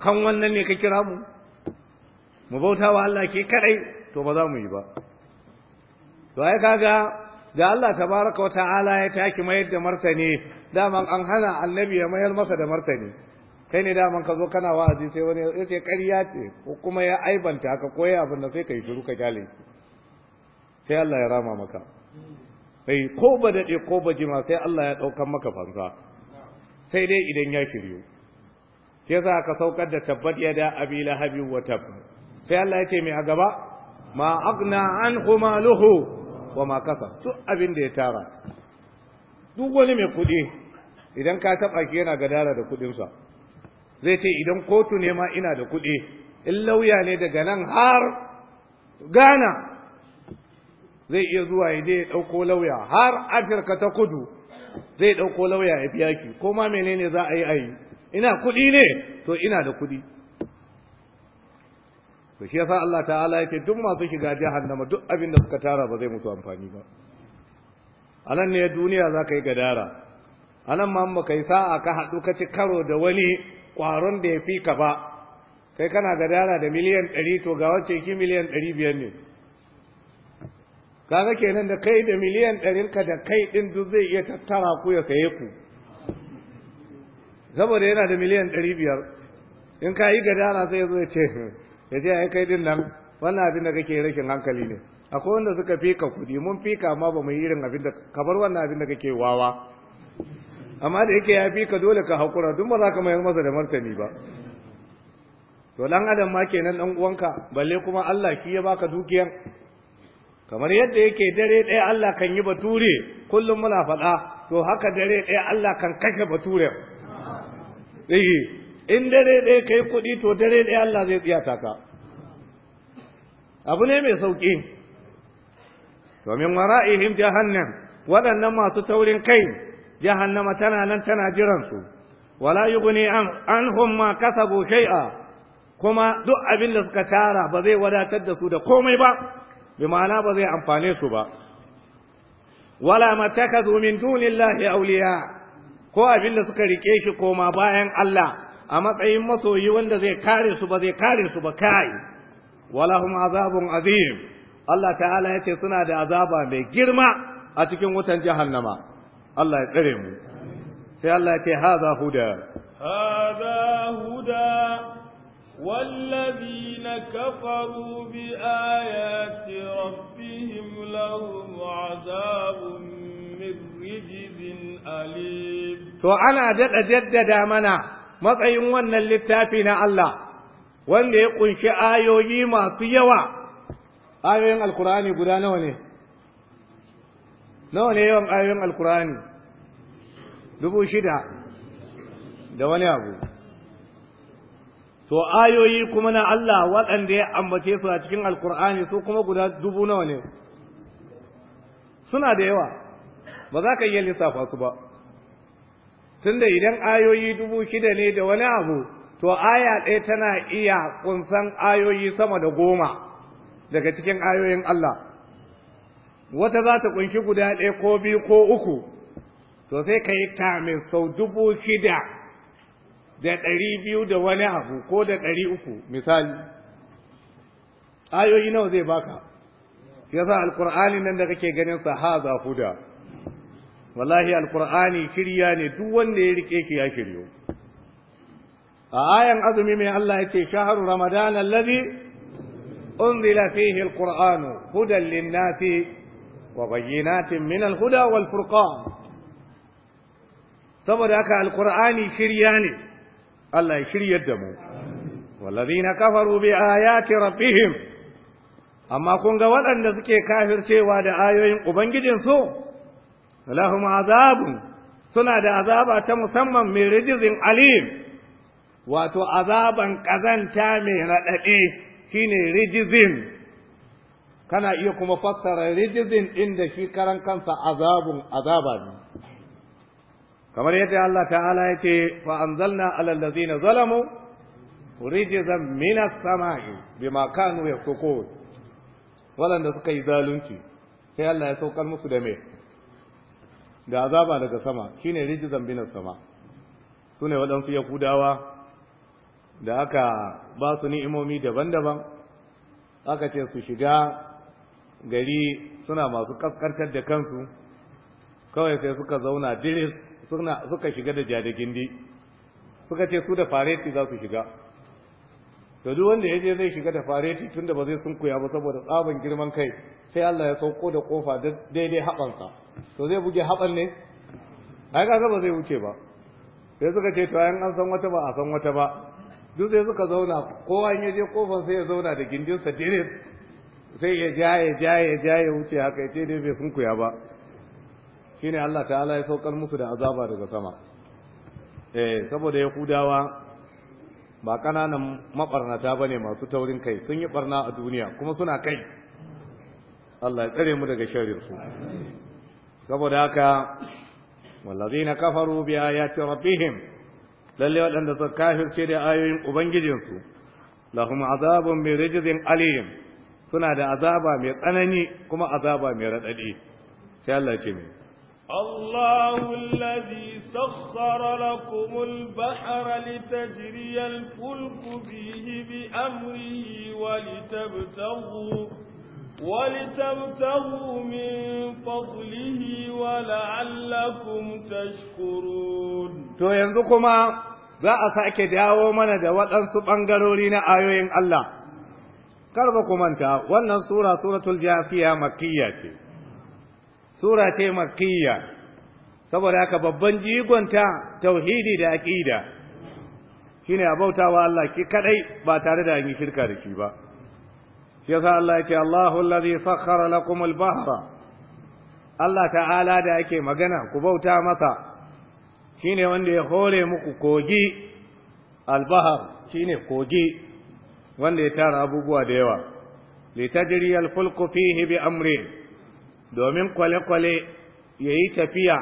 A: Kan wannan ne ka kira mu mu bauta wa Allah ke kadai to ba za mu yi ba to ai kaga da Allah tabaraka wata'ala ya taki mayar da martani daman an hana annabi ya mayar masa da martani kai ne daman ka zo kana wa'azi sai wani ya ce ƙarya ce ko kuma ya aibanta haka ko ya abin da sai ka yi shiru ka kyale sai Allah ya rama maka sai ko ba ɗe ko ba jima sai Allah ya ɗaukan maka fansa sai dai idan ya kiriyo sai za ka saukar da tabbat da abi lahabi wa tabbat sai Allah ya ce mai a gaba ma an kuma luhu wa ma kasa duk abin da ya tara duk wani mai kuɗi idan ka taɓa ki yana gadara da kuɗinsa zai ce idan kotu ne ma ina da kuɗi in lauya ne daga nan har gana zai iya zuwa ya je ya ɗauko lauya har Afirka ta kudu zai ɗauko lauya ya biya ki ko ma menene za a yi a yi ina kuɗi ne to ina da kuɗi to shi yasa Allah ta'ala yake duk masu shiga jahannama duk abin da suka tara ba zai musu amfani ba anan ne duniya za ka yi gadara anan ma amma kai sa'a ka haɗu ka ci karo da wani ƙwaron da ya fi ka ba kai kana gadara da miliyan ɗari to ga wacce ki miliyan ɗari biyar ne kaga kenan da kai da miliyan ɗarin ka da kai ɗin duk zai iya tattara ku ya saye ku saboda yana da miliyan ɗari biyar in ka yi gadara zai zo ya ce hmm, ya ce ai kai din nan wannan abin da kake rashin hankali ne akwai wanda suka fika kudi mun fika ma ba mu yi irin abin da kamar wannan abin da kake wawa amma da yake ya fika dole ka hakura duk ba za ka mayar masa da martani ba to dan adam ma kenan dan uwanka balle kuma Allah shi ya baka dukiyan kamar yadda yake dare ɗaya Allah kan yi bature kullum muna faɗa to haka dare ɗaya Allah kan kashe bature eh in dare ɗaya kai kuɗi to dare ɗaya Allah zai tsiyata ka abu ne mai sauƙi to min wara'ihim waɗannan masu taurin kai jahannama tana nan tana jiran su wala yughni an anhum ma kasabu shay'a kuma duk abin da suka tara ba zai wadatar da su da komai ba bi ma'ana ba zai amfane su ba wala mataka zumin dunillahi auliya ko abin da suka rike shi koma bayan Allah a matsayin masoyi wanda zai kare su ba zai kare su ba kai walahum azabun azim Allah ta'ala yace suna da azaba mai girma a cikin wutan jahannama Allah ya tsare mu sai Allah yace hadha huda
B: hadha huda والذين كفروا بآيات ربهم لهم عذاب من رجز
A: أليم فأنا جد جدد منا matsayin wannan littafi na Allah wanda ya kunshi ayoyi masu yawa ayoyin alkur'ani guda nawa ne nawa ne yawan ayoyin alkur'ani dubu shida da wani abu to ayoyi kuma na Allah waɗanda ya ambace su a cikin alkur'ani su kuma guda dubu nawa ne suna da yawa ba za ka iya lissafa su ba tunda idan ayoyi dubu shida ne da wani abu to aya ɗaya tana iya kunsan ayoyi sama da goma daga cikin ayoyin Allah wata za ta kunshi guda ɗaya ko biyu ko uku to sai ka yi tamin sau dubu shida da ɗari biyu da wani abu ko da ɗari uku misali ayoyi nawa zai baka yasa alkur'ani nan da kake ganin sa haza huda wallahi alqur'ani kiriya ne duk wanda ya rike ki ya kiryo a ayan azumi mai Allah yace shahru ramadan alladhi unzila fihi alqur'anu hudan lin wa bayyinatin min al wal-furqan saboda haka alqur'ani kiriya ne Allah ya kiryar da mu والذين كفروا بآيات ربهم amma kun ga waɗanda suke kafircewa da ayoyin Ubangijinsu, lahum azabun suna da azaba ta musamman mai rijizin alim wato azaban ƙazanta mai raɗaɗe shine rijizin kana iya kuma fassara rijizin ɗin da shi karan kansa azabun azaba ne kamar yadda Allah ta'ala ya ce fa anzalna ala allazina zalamu rijizan minas sama'i bima kanu yafukun waɗanda suka yi zalunci sai Allah ya saukar musu da mai ga azaba daga sama shine rijizan binar sama sune waɗansu yahudawa da aka ba su ni'imomi daban-daban aka ce su shiga gari suna masu kaskantar da kansu kawai sai suka zauna diris suka shiga da jadagindi suka ce su da fareti za su shiga da duk wanda ya je zai shiga da fareti tunda ba zai sunkuya ba saboda tsaban girman kai sai Allah ya sauko da kofa daidai haɓansa to zai buge haɓar ne ai ga ba zai wuce ba sai suka ce to ayan an san wata ba a san wata ba duk sai suka zauna kowa ya je kofar sai ya zauna da gindinsa dire sai ya ja ya ja ya ja ya wuce haka ya ce dai bai sunkuya ba shine Allah ta'ala ya saukar musu da azaba daga sama eh saboda ya kudawa ba kananan mabarnata bane masu taurin kai sun yi barna a duniya kuma suna kai Allah ya tsare mu daga sharri su saboda haka wallazina kafaru bi ayati rabbihim lalle waɗanda suka kafirce da ayoyin ubangijinsu lahum azabun min rijzin alim suna da azaba mai tsanani kuma azaba mai radadi sai Allah ce mai الله الذي سخر
B: لكم البحر لتجري الفلك به بأمره ولتبتغوا ولتبتغوا من فضله ولعلكم تشكرون
A: to yanzu kuma za a sake dawo mana da waɗansu ɓangarori na ayoyin Allah karba ku manta wannan sura suratul jafiya makkiya ce sura ce makkiya saboda haka babban jigonta tauhidi da aqida shine abautawa Allah ki kadai ba tare da an yi shirka da shi ba yasa Allah ya ce Allahu allazi sakhara lakum al-bahra Allah ta'ala da yake magana ku bauta masa shine wanda ya hore muku kogi al-bahr shine kogi wanda ya tara abubuwa da yawa tajri al-fulku fihi bi amri domin kwale-kwale yayi tafiya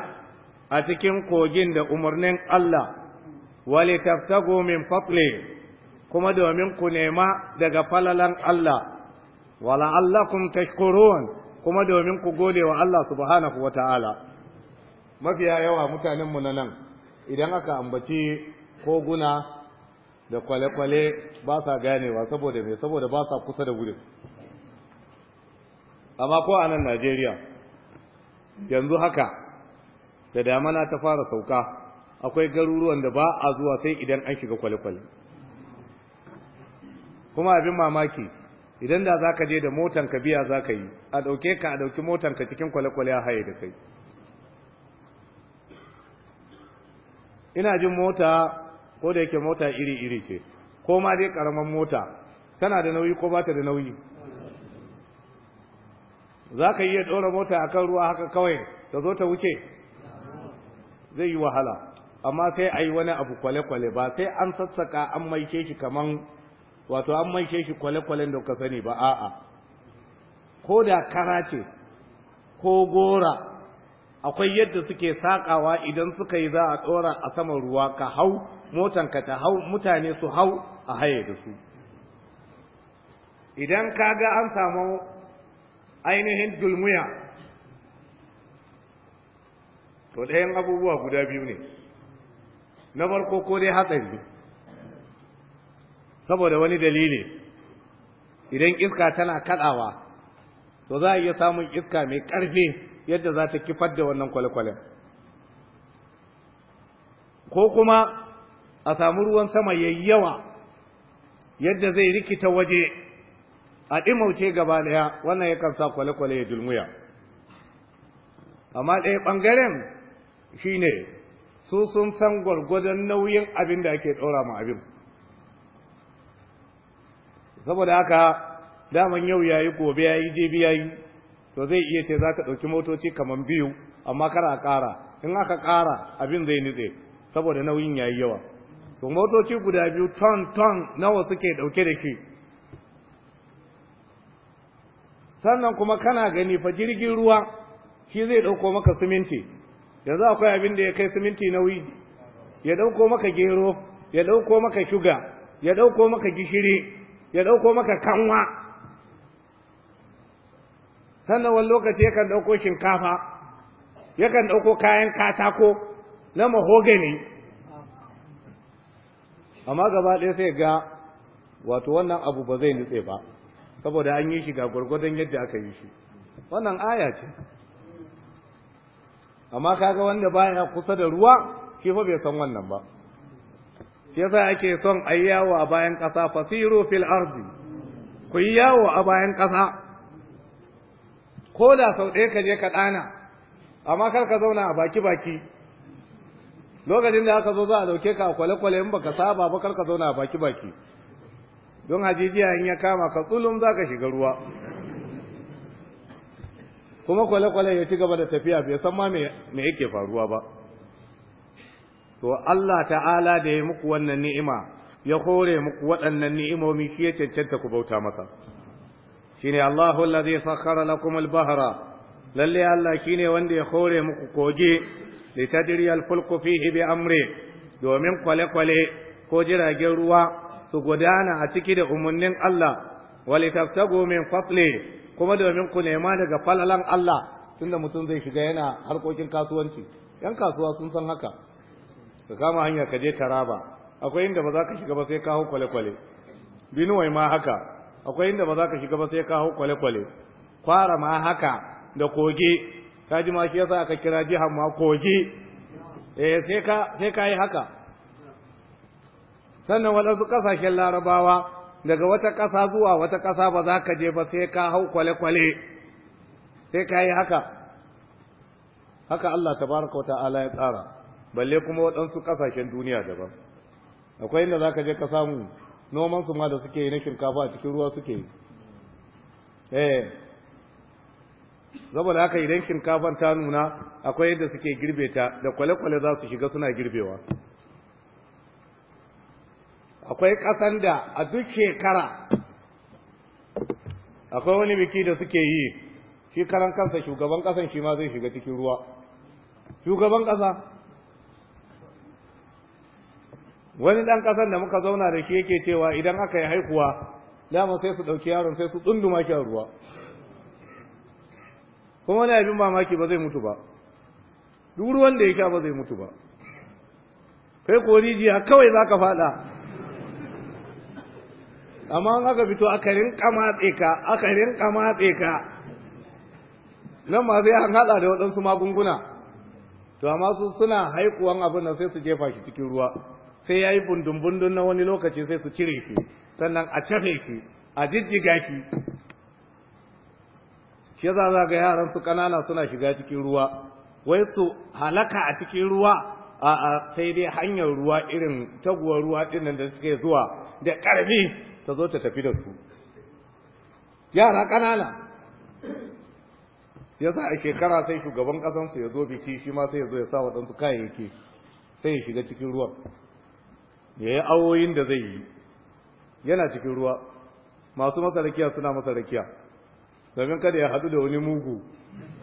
A: a cikin kogin da umarnin Allah Wali taftago min fadli kuma domin ku nema daga falalan Allah Wala wala'allakum tashkurun kuma domin ku gode wa Allah subhanahu wa ta'ala mafiya yawa mutanenmu na nan idan aka ambaci koguna da kwale-kwale ba sa ganewa saboda mai saboda ba sa kusa da gudun amma ko a nan najeriya yanzu haka da damana ta fara sauka akwai garuruwan da ba a zuwa sai idan an shiga kwale-kwale kuma abin mamaki idan da za ka je da motan ka biya ka yi a ɗauke ka a ɗauki motan ka cikin kwale-kwale ya haye da kai ina jin mota ko da yake mota iri-iri ce ko ma dai ƙaramin mota tana da nauyi ko ba ta da nauyi za ka iya ɗora mota a kan ruwa haka kawai ta zo ta wuce zai yi wahala amma sai a yi wani abu kwale-kwale ba sai an sassaka an maike shi kaman wato an maishe shi kwale-kwalen da ka sani ba a'a ko da kara ce ko gora akwai yadda suke sakawa idan suka yi za a tsora a saman ruwa ka hau motanka ta hau mutane su hau a haye da su idan ka ga an samu ainihin dulmuya to ɗayan abubuwa guda biyu ne na farko ko dai hatsari saboda wani dalili idan iska tana kaɗawa to za a iya samun iska mai ƙarfi yadda za ta kifar da wannan kwale-kwalen ko kuma a samu ruwan sama yayi yawa yadda zai rikita waje a ɗimauce gaba ɗaya wannan yakan sa kwale-kwale ya dulmuya amma ɗaya ɓangaren shine su sun san gwargwadon nauyin abin da ake ɗora ma abin saboda haka daman yau yayi gobe yayi jibi yayi to zai iya ce za ka ɗauki motoci kaman biyu amma kana ƙara in aka ƙara abin zai nitse saboda nauyin yayi yawa to motoci guda biyu ton ton nawa suke ɗauke da ke sannan kuma kana gani fa jirgin ruwa shi zai dauko maka siminti yanzu akwai abin da ya kai siminti nauyi ya dauko maka gero ya ɗauko maka shuga ya ɗauko maka gishiri ya ɗauko maka kanwa sannan wani lokaci yakan ɗauko shinkafa yakan ɗauko kayan katako na mahogani amma gaba ɗaya sai ga wato wannan abu ba zai nutse ba saboda an yi shi ga gwargwadon yadda aka yi shi wannan aya ce amma kaga wanda baya kusa da ruwa shi fa bai san wannan ba yasa ake son a yawo a bayan ƙasa fasiru fil ardi ku yi yawo a bayan ƙasa ko da sau ɗaya ka je ka ɗana amma kar ka zauna a baki baki lokacin da aka zo za a dauke ka a kwale-kwale in baka saba ba kar ka zauna a baki baki don hajijiya in ya kama ka tsulum za ka shiga ruwa kuma kwale-kwale ya ci gaba da tafiya bai san ma me yake faruwa ba to Allah ta'ala da ya muku wannan ni'ima ya hore muku waɗannan ni'imomi shi ya cancanta ku bauta masa shine Allahu allazi sakhara lakum al-bahra lalle Allah shine wanda ya hore muku koge litadri al-fulku fihi bi amri domin kwale-kwale ko jiragen ruwa su gudana a ciki da umarnin Allah walitaftagu min fadli kuma domin ku nema daga falalan Allah tunda mutum zai shiga yana harkokin kasuwanci yan kasuwa sun san haka ka kama hanya ka je taraba akwai inda ba za ka shiga ba sai ka hau kwale-kwale binuwai ma haka akwai inda ba za ka shiga ba sai ka hau kwale-kwale kwara ma haka da koge ka ji ma shi yasa aka kira jihar ma koge eh sai ka sai ka yi haka sannan waɗansu ƙasashen larabawa daga wata ƙasa zuwa wata ƙasa ba za ka je ba sai ka hau kwale-kwale sai ka yi haka haka Allah tabaraka wa ta'ala ya tsara balle kuma waɗansu ƙasashen duniya daban akwai inda za ka je ka samu noman su ma da suke yi na shinkafa a cikin ruwa suke yi eh saboda haka idan shinkafan ta nuna akwai yadda suke girbe ta da kwale-kwale za su shiga suna girbewa akwai ƙasan da a duk shekara akwai wani biki da suke yi shi karan kansa shugaban ƙasan shi ma zai shiga cikin ruwa shugaban ƙasa wani dan kasan da muka zauna da shi yake cewa idan aka yi haihuwa dama sai su dauki yaron sai su tsunduma shi a ruwa kuma wani abin mamaki ba zai mutu ba duk ruwan da ya sha ba zai mutu ba kai ko rijiya kawai za ka faɗa. amma an aka fito aka rinka matse ka aka rinka matse ka nan ma sai an hada da waɗansu magunguna to amma su suna haikuwan abin nan sai su jefa shi cikin ruwa sai ya yi bundun-bundun na wani lokaci sai su cire ki sannan a cafe ki a jijjiga ki shi za ga yaran su ƙanana suna shiga cikin ruwa wai su halaka a cikin ruwa a sai dai hanyar ruwa irin taguwar ruwa nan da suke zuwa da ƙarfi ta zo ta tafi da su yara ƙanana yasa a shekara sai shugaban ƙasansu ya zo biki shi ma sai ya zo ya sa waɗansu kayayyaki sai ya shiga cikin ruwan ya yi awoyin da zai yi yana cikin ruwa masu masarakiya suna masarakiya, domin kada ya haɗu da wani mugu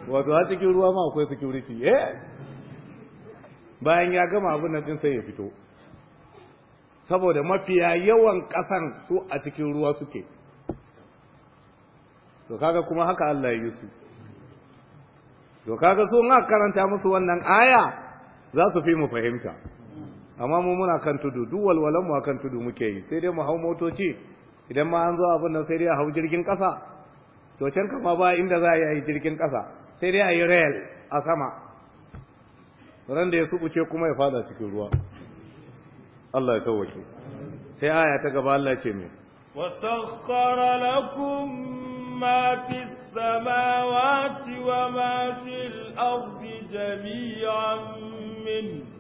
A: wato ha cikin ruwa ma akwai security eh bayan ya gama abin nan din sai ya fito saboda mafiya yawan ƙasan su a cikin ruwa suke to kaga kuma haka Allah ya yi su to kaga su in karanta musu wannan aya za su fi mu fahimta amma mu muna kan tudu duk walwalan mu kan tudu muke yi sai dai mu hau motoci idan ma an zo abin nan sai dai a hau jirgin kasa to can kama ba inda za a yi jirgin kasa sai dai a yi rail a sama ran da ya subuce kuma ya fada cikin ruwa Allah ya tawwace sai aya ta gaba Allah ce me
B: wasakhkhara lakum ما في السماوات وما في الأرض جميعا منه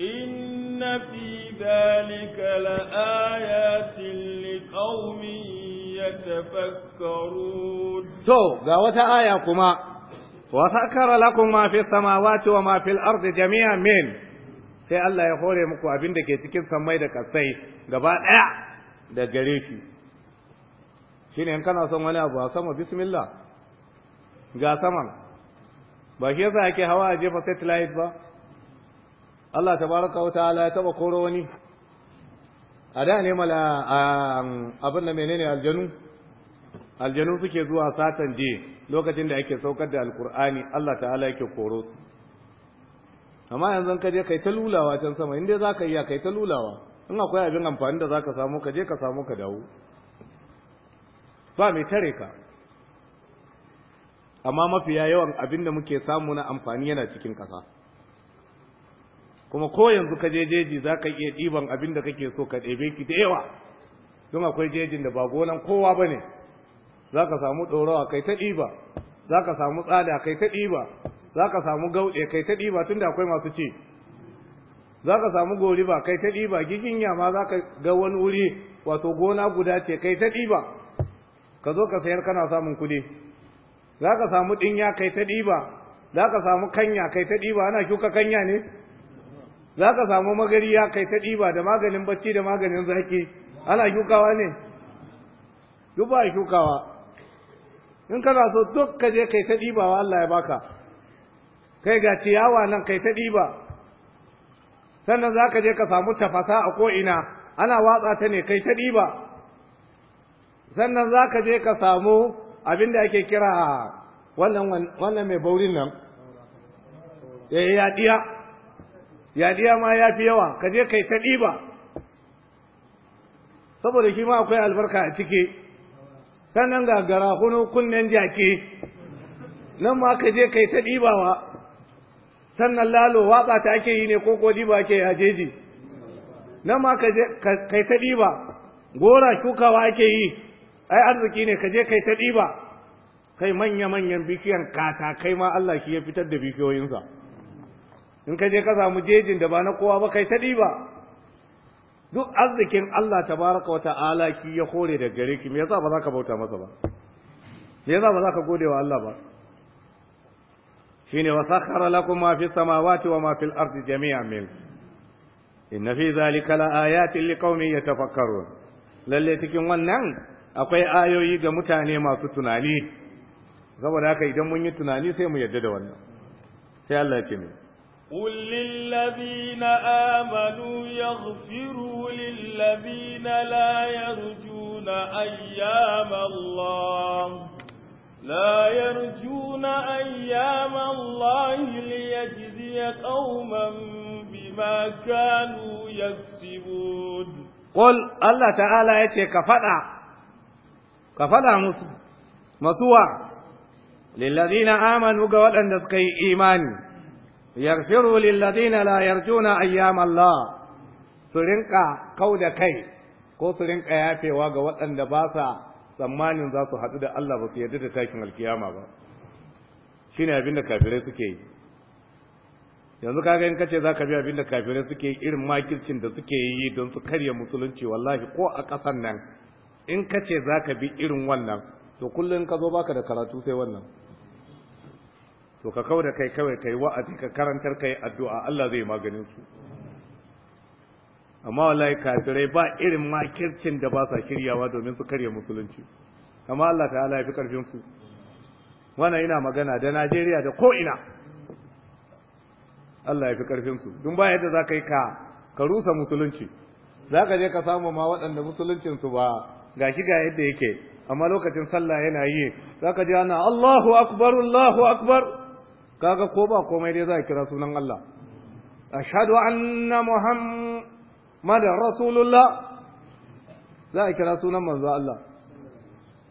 B: إن في ذلك لآيات لقوم يتفكرون
A: تو غاوة آية كما وسكر لكم ما في السماوات وما في الأرض جميعا من sai Allah ya hore muku abin da ke cikin sammai da kasai gaba ɗaya da gare shi shine in kana son wani abu a sama bismillah ga saman ba shi yasa ake hawa a jefa satellite ba Allah tabaraka wa ta'ala ya taba koro wani a da ne mala abin da menene aljanu aljanu suke zuwa satan je lokacin da ake saukar da alkur'ani Allah ta'ala yake koro su amma yanzu ka je kai ta lulawa can sama inda za ka iya kai ta lulawa in akwai abin amfani da za ka samu ka je ka samu ka dawo ba mai tare ka amma mafiya yawan abin da muke samu na amfani yana cikin kasa. kuma ko yanzu ka je jeji za ka iya ɗiban abin da kake so ka ɗebe ki da yawa don akwai jejin da ba gonan kowa ba ne za ka samu ɗorawa kai ta ɗiba za ka samu tsada kai ta ɗiba za ka samu gauɗe kai ta ɗiba tunda akwai masu ci za ka samu goriba kai ta ɗiba gigin ma za ka ga wani wuri wato gona guda ce kai ta ɗiba ka zo ka sayar kana samun kuɗi za ka samu ɗinya kai ta ɗiba za ka samu kanya kai ta ɗiba ana shuka kanya ne za ka samu magari ya kai ta ɗiba da maganin bacci da maganin zaki ana shukawa ne duk ba shukawa in kana so duk ka je kai ta ɗibawa Allah ya baka kai ga ciyawa nan kai ta ɗiba sannan za ka je ka samu tafasa a ko'ina ana watsa ta ne kai ta ɗiba sannan za ka je ka samu abin da ake kira wannan mai baurin nan eh, ya yaɗiya yadiya ma ya fi yawa ka je kai ta ɗiba saboda shi ma akwai albarka a ciki sannan ga garahunu kunnen jaki nan ma ka je kai ta ɗibawa sannan lalo waƙa ta ake yi ne ko ko ɗiba ake yajeji nan ma ka je kai ta ɗiba gora shukawa ake yi ai arziki ne ka je kai ta ɗiba kai manya-manyan bikiyan katakai ma Allah shi ya fitar da bikiyoyinsa. in ka je ka samu jejin da ba na kowa ba kai ta ba. duk arzikin Allah ta baraka wata alaki ya kore da gare ki me yasa ba za ka bauta masa ba me yasa ba za ka gode wa Allah ba Shi ne wa sakhara lakum ma fi samawati wa ma fil ardi jami'an min inna fi zalika la ayatin liqaumin yatafakkarun lalle cikin wannan akwai ayoyi ga mutane masu tunani saboda haka idan mun yi tunani sai mu yadda da wannan sai Allah ya ce mu
B: قل للذين آمنوا يغفروا للذين لا يرجون أيام الله لا يرجون أيام الله ليجزي قوما بما كانوا يكسبون
A: قل الله تعالى يتي كفدا كفدا مسوى مسوى للذين آمنوا قولا نسقي إيماني yarfiru lil ladina la yarjuna ayyam Allah su rinka kau da kai ko su rinka yafewa ga waɗanda ba sa tsammanin za su haɗu da Allah ba su yarda da takin alkiyama ba shine abin da kafirai suke yi yanzu kaga in kace zaka bi abin da kafirai suke yi irin makircin da suke yi don su karya musulunci wallahi ko a ƙasan nan in kace ka bi irin wannan to kullum ka zo baka da karatu sai wannan to ka kawo da kai kawai kai wa'azi ka karantar kai addu'a Allah zai maganin su amma wallahi kafirai ba irin makircin da ba sa shiryawa domin su karya musulunci amma Allah ta'ala ya fi karfin su wana ina magana da Najeriya da ko ina Allah ya fi karfin su dun ba yadda za ka yi ka rusa musulunci za ka je ka samu ma waɗanda musuluncinsu ba ga shi ga yadda yake amma lokacin sallah yana yi za ka ji ana Allahu akbar Allahu akbar kaga ko ba komai dai za a kira sunan Allah ashhadu anna muhammadar rasulullah za a kira sunan manzo Allah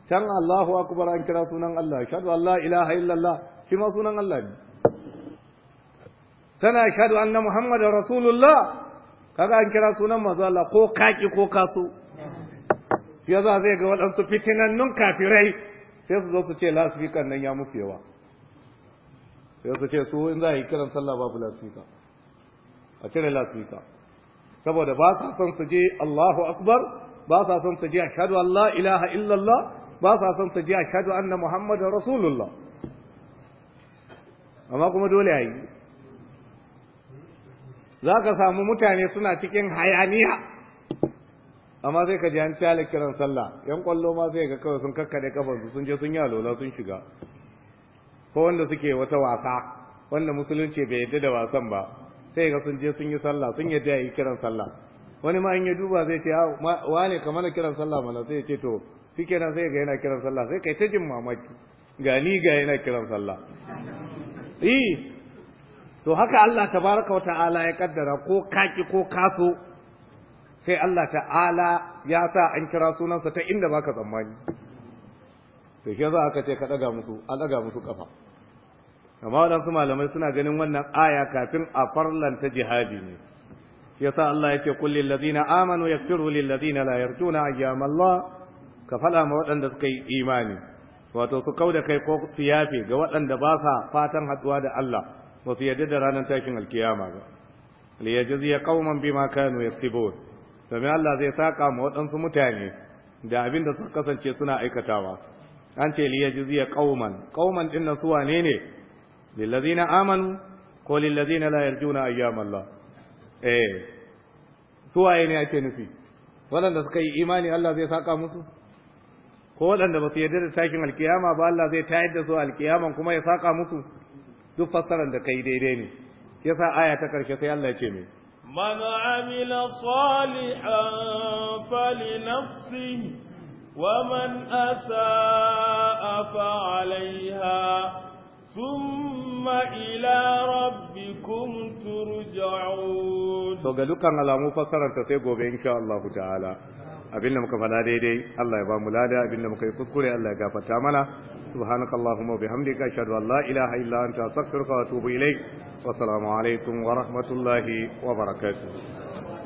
A: can Allahu akbar an kira sunan Allah ashhadu an la ilaha illallah shi ma sunan Allah ne tana ashhadu anna muhammadar rasulullah kaga an kira sunan manzo Allah ko kaki ko kaso ya za zai ga waɗansu fitinannun kafirai sai su zo su ce lasifikan nan ya musu yawa sai su ce su in za a yi kiran sallah babu lasfika a cire lasfika saboda ba sa son su je Allahu akbar ba sa son su je ashhadu an la ilaha illallah ba sa son su je ashhadu anna muhammadar rasulullah amma kuma dole a yi za ka samu mutane suna cikin hayaniya amma sai ka ji an cale kiran sallah yan kwallo ma sai ga kawai sun kakkade kafansu sun je sun yi alola sun shiga ko wanda suke wata wasa wanda musulunci bai yadda da wasan ba sai ga sun je sun yi sallah sun yadda yi kiran sallah wani ma in ya duba zai ce ah, wa ne kamar na kiran sallah mana sai ya ce to shi kenan sai ga yana kiran sallah sai kai ta jin mamaki ga ni ga yana kiran sallah yi eh, to haka Allah ta baraka wa ta'ala ya kaddara ko kaki ko kaso sai Allah ta'ala ya sa an kira sunansa ta inda baka tsammani to shi yasa aka ce ka musu an daga musu kafa amma waɗansu malamai suna ganin wannan aya kafin a farlanta jihadi ne yasa Allah yake kullil ladina amanu yaghfiru lil ladina la yarjuna ayyama Allah ka fada ma waɗanda suka yi imani wato su kauda kai ko su yafe ga waɗanda ba sa fatan haɗuwa da Allah ba su yarda da ranar tashin alkiyama ba li qauman bima kanu yaksibun domin Allah zai saka ma waɗansu mutane da abin da suka kasance suna aikatawa an ce liya jizya qauman qauman din nan suwa ne ne lillazina amanu ko lillazina la yarjuna ayyam Allah eh suwa ne ake nufi waɗanda suka yi imani Allah zai saka musu ko waɗanda ba su yarda da takin alkiyama ba Allah zai tayar da su alkiyaman kuma ya saka musu duk fassarar da kai daidai ne yasa aya ta karshe sai Allah ya ce mai
B: man amila salihan fali nafsihi ومن أساء فعليها ثم إلى ربكم ترجعون
A: فقالوا على مفسرة تسيبوا إن شاء Ta'ala تعالى abinda muka fada daidai Allah ya ba mu lada abinda muka yi kuskure Allah ya fata mana subhanaka allahumma bihamdika ashhadu an la ilaha illa anta astaghfiruka wa atubu ilaik wa assalamu alaikum wa rahmatullahi wa barakatuh